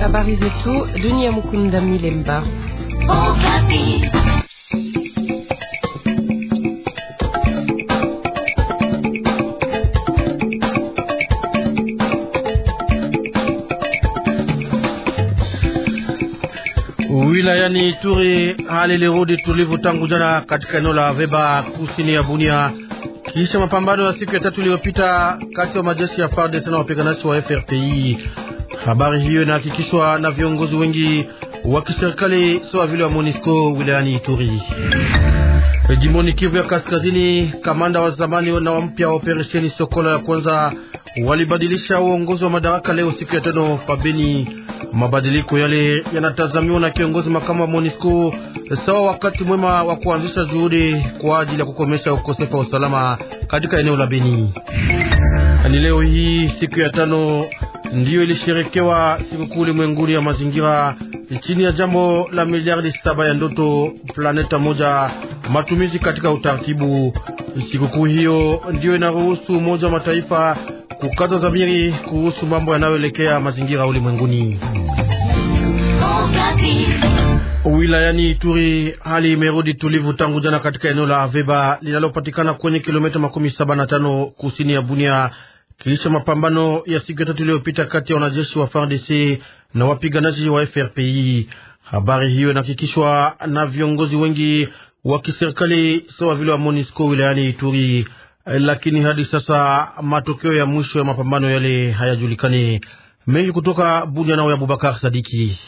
Habari zetu dunia Mukunda Milemba. Okapi. Wilayani Ituri hali ilirudi tulivu tangu jana katika eneo la Veba kusini ya Bunia kisha mapambano ya siku ya tatu iliyopita kati ya majeshi ya FARDC na wapiganaji wa FRPI. Habari hiyo inahakikishwa na viongozi wengi wa kiserikali sawa vile wa MONUSCO wilayani Ituri. Jimboni Kivu ya Kaskazini, kamanda wa zamani na wa mpya wa operesheni Sokola ya kwanza walibadilisha uongozi wa madaraka leo siku ya tano pabeni Mabadiliko yale yanatazamiwa na kiongozi makamu wa MONUSCO sawa wakati mwema wa kuanzisha juhudi kwa ajili ya kukomesha ukosefu wa usalama katika eneo la Beni. Ni leo hii siku ya tano ndiyo ilisherekewa sikukuu ulimwenguni ya mazingira chini ya jambo la miliardi saba ya ndoto planeta moja matumizi katika utaratibu. Sikukuu hiyo ndiyo inaruhusu Umoja wa Mataifa kukaza dhamiri kuhusu mambo yanayoelekea mazingira ulimwenguni. Wilayani Ituri hali imerudi tulivu tangu jana katika eneo la Aveba linalopatikana kwenye kilomita makumi saba na tano kusini ya Bunia, kisha mapambano ya siku ya tatu iliyopita kati ya wanajeshi wa FARDC na wapiganaji wa FRPI. Habari hiyo inahakikishwa na viongozi wengi wa kiserikali sawa vile wa MONUSCO wilayani Ituri, lakini hadi sasa matokeo ya mwisho ya mapambano yale hayajulikani. Mengi kutoka Bunia, nao ya Abubakar Sadiki.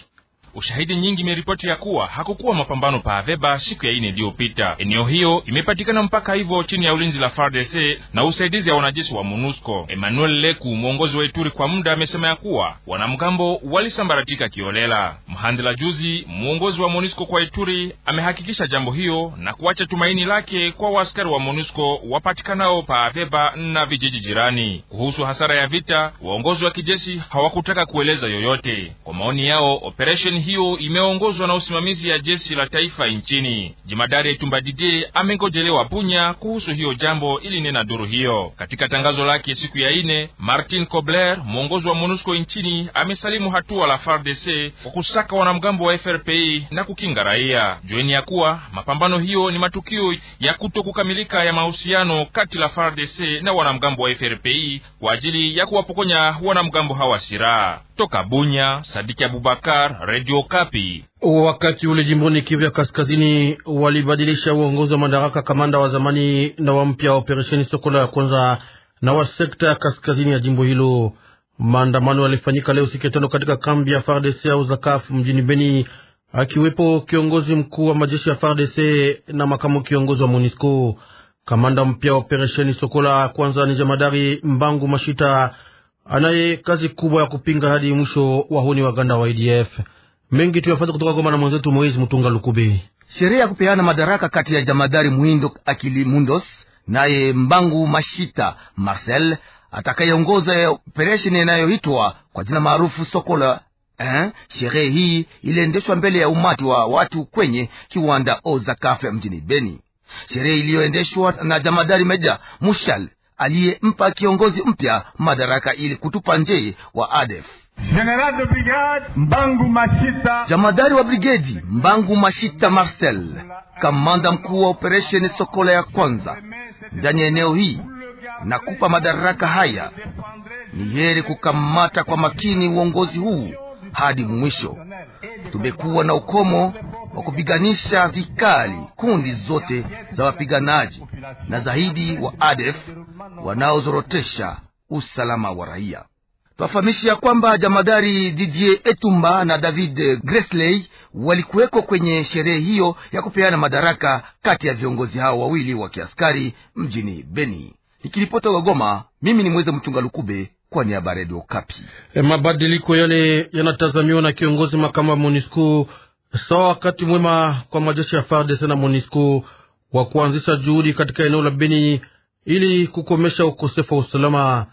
Ushahidi nyingi imeripoti ya kuwa hakukuwa mapambano paaveba siku ya ine iliyopita. Eneo hiyo imepatikana mpaka hivyo chini ya ulinzi la FARDC na usaidizi ya wanajeshi wa MONUSCO. Emmanuel Leku, mwongozi wa Ituri kwa muda, amesema ya kuwa wanamgambo walisambaratika kiolela. Mhandi la juzi, mwongozi wa MONUSCO kwa Ituri, amehakikisha jambo hiyo na kuacha tumaini lake kwa waaskari wa MONUSCO wapatikanao Aveba na vijiji jirani. Kuhusu hasara ya vita, waongozi wa kijeshi hawakutaka kueleza yoyote. Kwa maoni yao operation operesheni hiyo imeongozwa na usimamizi ya jeshi la taifa nchini. Jemadari Tumbadide amengojelewa Bunya kuhusu hiyo jambo, nena duru hiyo katika tangazo lake siku ya ine. Martin Kobler, mwongozi wa MONUSCO nchini, amesalimu hatua la FARDC kwa kusaka wanamgambo wa FRPI na kukinga raia. Jueni ya kuwa mapambano hiyo ni matukio ya kuto kukamilika ya mahusiano kati la FARDC na wanamgambo wa FRPI kwa ajili ya kuwapokonya wanamgambo hawa silaha. Toka Bunya, Sadiki Abubakar, Radio Radio Kapi. Wakati ule jimboni Kivu ya Kaskazini walibadilisha uongozi wa madaraka, kamanda wa zamani na wa mpya wa operesheni Sokola ya kwanza na wa sekta ya kaskazini ya jimbo hilo. Maandamano yalifanyika leo siku ya tano katika kambi ya FARDC au Zakaf mjini Beni, akiwepo kiongozi mkuu wa majeshi ya FARDC na makamu kiongozi wa MONUSCO. Kamanda mpya wa operesheni Sokola kwanza ni jamadari Mbangu Mashita anaye kazi kubwa ya kupinga hadi mwisho wahuni waganda wa ADF mengi tuyafata kutoka Goma na mwenzetu Moise Mutunga Lukube. Sheria ya kupeana madaraka kati ya jamadari Muhindo Akilimundos naye Mbangu Mashita Marcel atakayeongoza operesheni inayoitwa kwa jina maarufu Sokola. Eh, sherehe hii iliendeshwa mbele ya umati wa watu kwenye kiwanda oza Cafe mjini Beni, sherehe iliyoendeshwa na jamadari Meja Mushal aliyempa kiongozi mpya madaraka ili kutupa nje wa ADF. General de Brigade Mbangu Mashita, jamadari wa brigedi Mbangu Mashita Marcel, kamanda mkuu wa operesheni Sokola ya kwanza ndani ya eneo hii, nakupa madaraka haya. Ni heri kukamata kwa makini uongozi huu hadi mwisho. Tumekuwa na ukomo wa kupiganisha vikali kundi zote za wapiganaji na zaidi wa ADF wanaozorotesha usalama wa raia. Twafahamisha ya kwamba jamadari Didier Etumba na David Gresley walikuweko kwenye sherehe hiyo ya kupeana madaraka kati ya viongozi hao wawili wa kiaskari mjini Beni. Nikiripota Goma, mimi ni Mweze Mchunga Lukube kwa niaba ya Redio Kapi. E, eh, mabadiliko yale yanatazamiwa na kiongozi makamu wa MONUSCO sawa wakati mwema kwa majeshi ya FARDC na monisco wa kuanzisha juhudi katika eneo la Beni ili kukomesha ukosefu wa usalama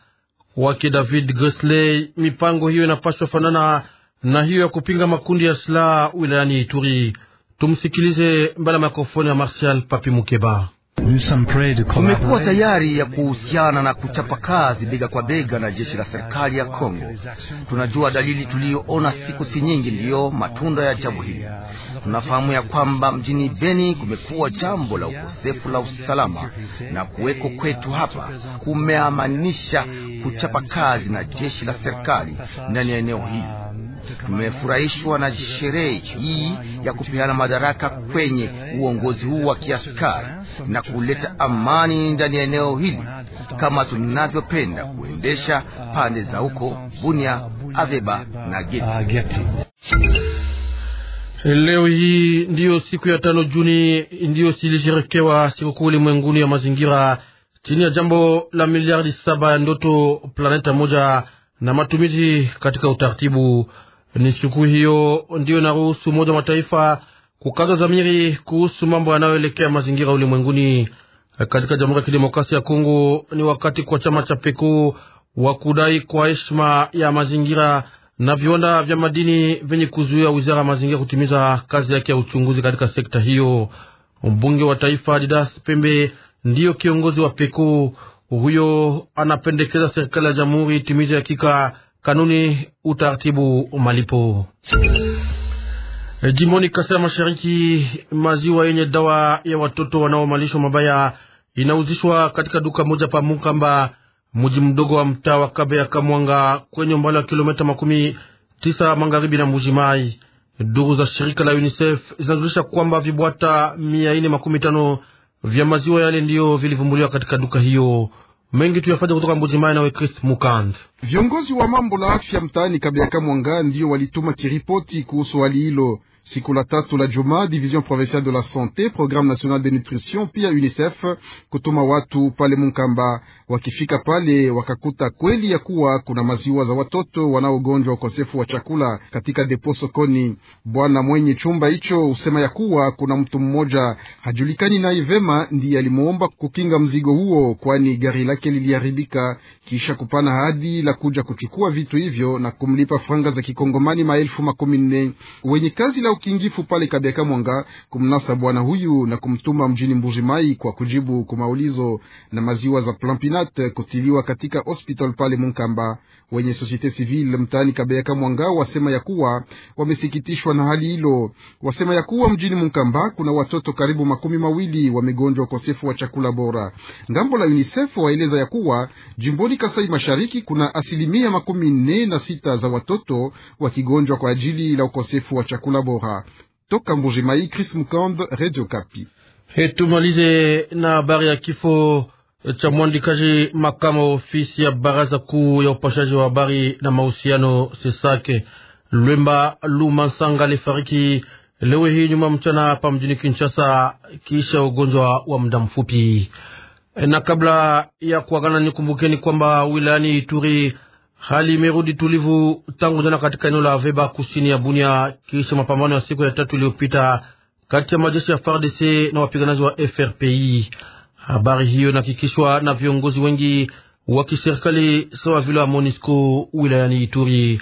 wake David Gresley. Mipango hiyo inapaswa fanana na hiyo ya kupinga makundi ya silaha wilayani Ituri. Tumsikilize mbele ya mikrofoni ya Martial Papi Mukeba. Tumekuwa tayari ya kuhusiana na kuchapa kazi bega kwa bega na jeshi la serikali ya Kongo. Tunajua dalili tuliyoona siku si nyingi ndiyo matunda ya jambo hili. Tunafahamu ya kwamba mjini Beni kumekuwa jambo la ukosefu la usalama, na kuweko kwetu hapa kumeamanisha kuchapa kazi na jeshi la serikali ndani ya eneo hili. Tumefurahishwa na sherehe hii ya kupeana madaraka kwenye uongozi huu wa kiaskari na kuleta amani ndani ya eneo hili kama tunavyopenda kuendesha pande za huko Bunia, Aveba na ah, Geti. Leo hii ndiyo siku ya tano Juni ndiyo silisherekewa sikukuu ulimwenguni ya mazingira chini ya jambo la miliardi saba ya ndoto, planeta moja na matumizi katika utaratibu ni siku hiyo ndiyo inaruhusu Umoja wa Mataifa kukaza dhamiri kuhusu mambo yanayoelekea mazingira ulimwenguni. Katika Jamhuri ya Kidemokrasia ya Kongo ni wakati kwa chama cha PECO wa kudai kwa heshima ya mazingira na viwanda vya madini vyenye kuzuia wizara ya mazingira kutimiza kazi yake ya uchunguzi katika sekta hiyo. Mbunge wa taifa Didas Pembe ndiyo kiongozi wa PECO. Huyo anapendekeza serikali ya jamhuri itimize hakika kanuni, utaratibu, malipo. E, jimboni Kasai ya Mashariki, maziwa yenye dawa ya watoto wanaomalishwa mabaya inauzishwa katika duka moja pa Mukamba, mji mdogo wa mtaa wa Kabeya Kamwanga, kwenye umbali wa kilomita makumi tisa magharibi na Mbujimai. Duru za shirika la UNICEF zinajulisha kwamba vibwata mia nne makumi tano vya maziwa yale ndiyo vilivumbuliwa katika duka hiyo mengi tuyafanya kutoka Mbujimai. Nawe Chris Mukand, viongozi wa mambo la afya mtaani Kabiaka Mwanga ndio walituma kiripoti kuhusu hali hilo. Siku la tatu la juma, division provinciale de la santé, programme national de nutrition pia UNICEF kutuma watu pale Munkamba. Wakifika pale wakakuta kweli ya kuwa kuna maziwa za watoto wanaogonjwa ukosefu wa chakula katika depo sokoni. Bwana mwenye chumba hicho usema ya kuwa kuna mtu mmoja hajulikani naye vema, ndiye alimwomba kukinga mzigo huo, kwani gari lake liliharibika, kisha kupana hadi la kuja kuchukua vitu hivyo na kumlipa franga za kikongomani maelfu makumi nne wenye kazi la kingifu pale Kabiaka Mwanga kumnasa bwana huyu na kumtuma mjini Mbujimai kwa kujibu kwa maulizo na maziwa za Plampinat kutiliwa katika hospital pale Munkamba. Wenye societe civile mtaani Kabiaka Mwanga wasema ya kuwa wamesikitishwa na hali hilo, wasema ya kuwa mjini Munkamba kuna watoto karibu makumi mawili wamegonjwa ukosefu wa chakula bora. Ngambo la UNICEF waeleza ya kuwa jimboni Kasai Mashariki kuna asilimia makumi nne na sita za watoto wakigonjwa kwa ajili la ukosefu wa chakula bora. Bujumbura. Toka Mbujimai, Chris Mukand, Radio Kapi. Tumalize na habari ya kifo cha mwandikaji makamu wa ofisi ya baraza kuu ya upashaji wa habari na mahusiano Sesake Lwemba Lumansanga alifariki leo hii nyuma mchana hapa mjini Kinshasa kisha ugonjwa wa muda mfupi. Na kabla ya kuagana, nikumbukeni kwamba wilayani Ituri Hali imerudi tulivu tangu jana katika eneo la Aveba kusini ya Bunia kisha mapambano ya siku ya tatu iliyopita kati ya majeshi ya FARDC na wapiganaji wa FRPI. Habari hiyo inahakikishwa na viongozi wengi wa kiserikali sawa vile wa MONUSCO wilayani Ituri.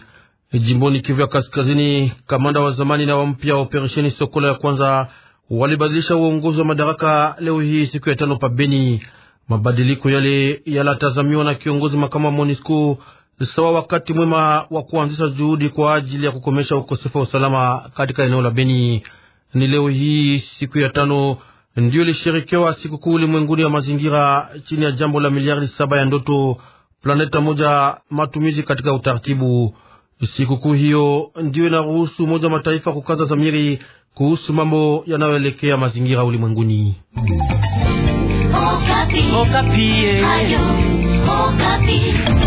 Jimboni Kivu ya Kaskazini, kamanda wa zamani na wa mpya wa operesheni Sokola ya kwanza walibadilisha uongozi wa madaraka leo hii siku ya tano pa Beni. Mabadiliko yale yalatazamiwa na kiongozi makamu wa MONUSCO sawa wakati mwema wa kuanzisha juhudi kwa ajili ya kukomesha ukosefu wa usalama katika eneo la Beni. Ni leo hii siku ya tano ndiyo ilisherekewa sikukuu ulimwenguni ya mazingira chini ya jambo la miliardi saba ya ndoto planeta moja matumizi katika utaratibu. Sikukuu hiyo ndiyo inaruhusu Umoja wa Mataifa kukaza zamiri kuhusu mambo yanayoelekea mazingira ulimwenguni. Okapi. Okapi. Eh.